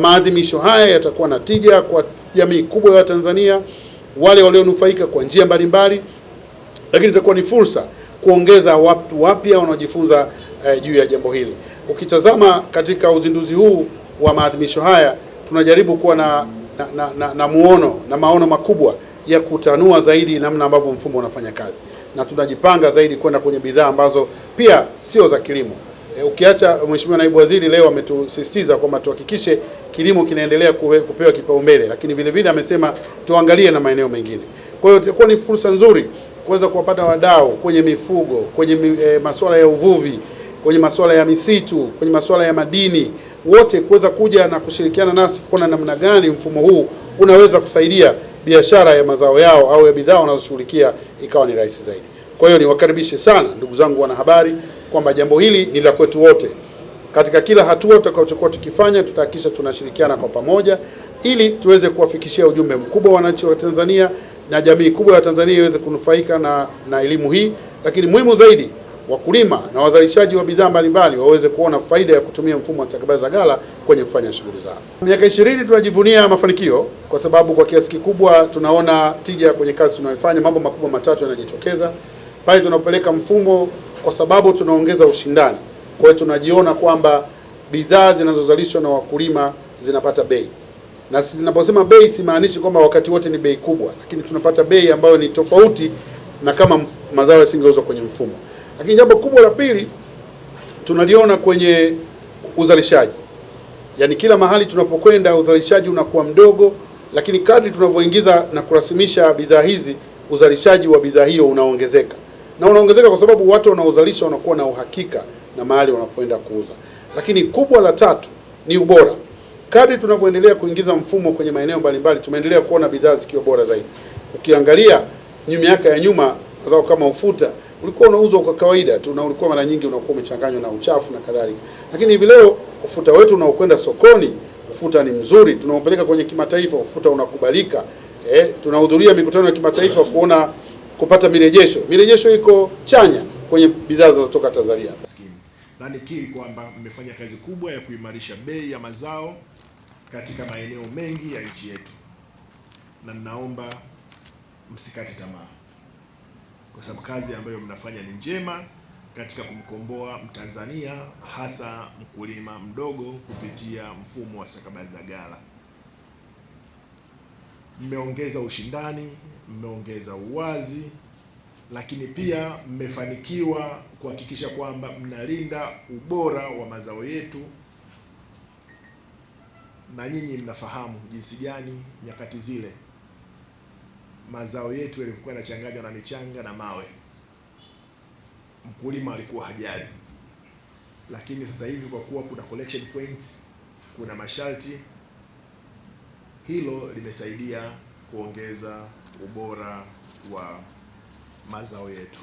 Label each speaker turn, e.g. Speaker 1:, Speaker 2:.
Speaker 1: Maadhimisho haya yatakuwa na tija kwa jamii kubwa ya Tanzania, wale walionufaika kwa njia mbalimbali, lakini itakuwa ni fursa kuongeza watu wapya wanaojifunza eh, juu ya jambo hili. Ukitazama katika uzinduzi huu wa maadhimisho haya, tunajaribu kuwa na, na, na, na, na muono na maono makubwa ya kutanua zaidi namna ambavyo mfumo unafanya kazi, na tunajipanga zaidi kwenda kwenye bidhaa ambazo pia sio za kilimo. E, ukiacha Mheshimiwa Naibu Waziri leo ametusisitiza kwamba tuhakikishe kilimo kinaendelea kupewa kipaumbele, lakini vile vile amesema tuangalie na maeneo mengine. Kwa hiyo itakuwa ni fursa nzuri kuweza kuwapata wadau kwenye mifugo, kwenye e, masuala ya uvuvi, kwenye masuala ya misitu, kwenye masuala ya madini, wote kuweza kuja na kushirikiana nasi kuona namna gani mfumo huu unaweza kusaidia biashara ya mazao yao au ya bidhaa wanazoshughulikia ikawa ni rahisi zaidi. Kwa hiyo niwakaribishe sana ndugu zangu wanahabari kwamba jambo hili ni la kwetu wote. Katika kila hatua tutakayochukua tukifanya, tutahakikisha tunashirikiana kwa pamoja ili tuweze kuwafikishia ujumbe mkubwa wananchi wa Tanzania na jamii kubwa ya Tanzania iweze kunufaika na, na elimu hii, lakini muhimu zaidi wakulima na wazalishaji wa bidhaa mbalimbali waweze kuona faida ya kutumia mfumo wa stakabadhi za ghala kwenye kufanya shughuli zao. Miaka ishirini tunajivunia mafanikio kwa sababu kwa kiasi kikubwa tunaona tija kwenye kazi tunayofanya. Mambo makubwa matatu yanajitokeza pale tunapeleka mfumo kwa sababu tunaongeza ushindani. Kwa hiyo tunajiona kwamba bidhaa zinazozalishwa na wakulima zinapata bei, na ninaposema bei simaanishi kwamba wakati wote ni bei kubwa, lakini tunapata bei ambayo ni tofauti na kama mazao yasingeuzwa kwenye mfumo. Lakini jambo kubwa la pili tunaliona kwenye uzalishaji, yaani kila mahali tunapokwenda uzalishaji unakuwa mdogo, lakini kadri tunavyoingiza na kurasimisha bidhaa hizi uzalishaji wa bidhaa hiyo unaongezeka na unaongezeka kwa sababu watu wanaozalisha wanakuwa na uhakika na mahali wanapoenda kuuza. Lakini kubwa la tatu ni ubora. Kadri tunavyoendelea kuingiza mfumo kwenye maeneo mbalimbali, tumeendelea kuona bidhaa zikiwa bora zaidi. Ukiangalia miaka ya nyuma, mazao kama ufuta ulikuwa unauzwa kwa kawaida tu na ulikuwa mara nyingi unakuwa umechanganywa na uchafu na kadhalika, lakini hivi leo ufuta wetu unaokwenda sokoni, ufuta ni mzuri, tunaopeleka kwenye kimataifa, ufuta unakubalika. Eh, tunahudhuria mikutano ya kimataifa kuona kupata mirejesho. Mirejesho iko chanya kwenye bidhaa zinazotoka Tanzania.
Speaker 2: Na nikiri kwamba mmefanya kazi kubwa ya kuimarisha bei ya mazao katika maeneo mengi ya nchi yetu, na ninaomba msikate tamaa, kwa sababu kazi ambayo mnafanya ni njema katika kumkomboa Mtanzania, hasa mkulima mdogo, kupitia mfumo wa stakabadhi za ghala mmeongeza ushindani, mmeongeza uwazi, lakini pia mmefanikiwa kuhakikisha kwamba mnalinda ubora wa mazao yetu, na nyinyi mnafahamu jinsi gani nyakati zile mazao yetu yalivyokuwa yanachanganywa na michanga na mawe, mkulima alikuwa hajali. Lakini sasa hivi kwa kuwa kuna collection points, kuna masharti hilo limesaidia kuongeza ubora wa mazao yetu.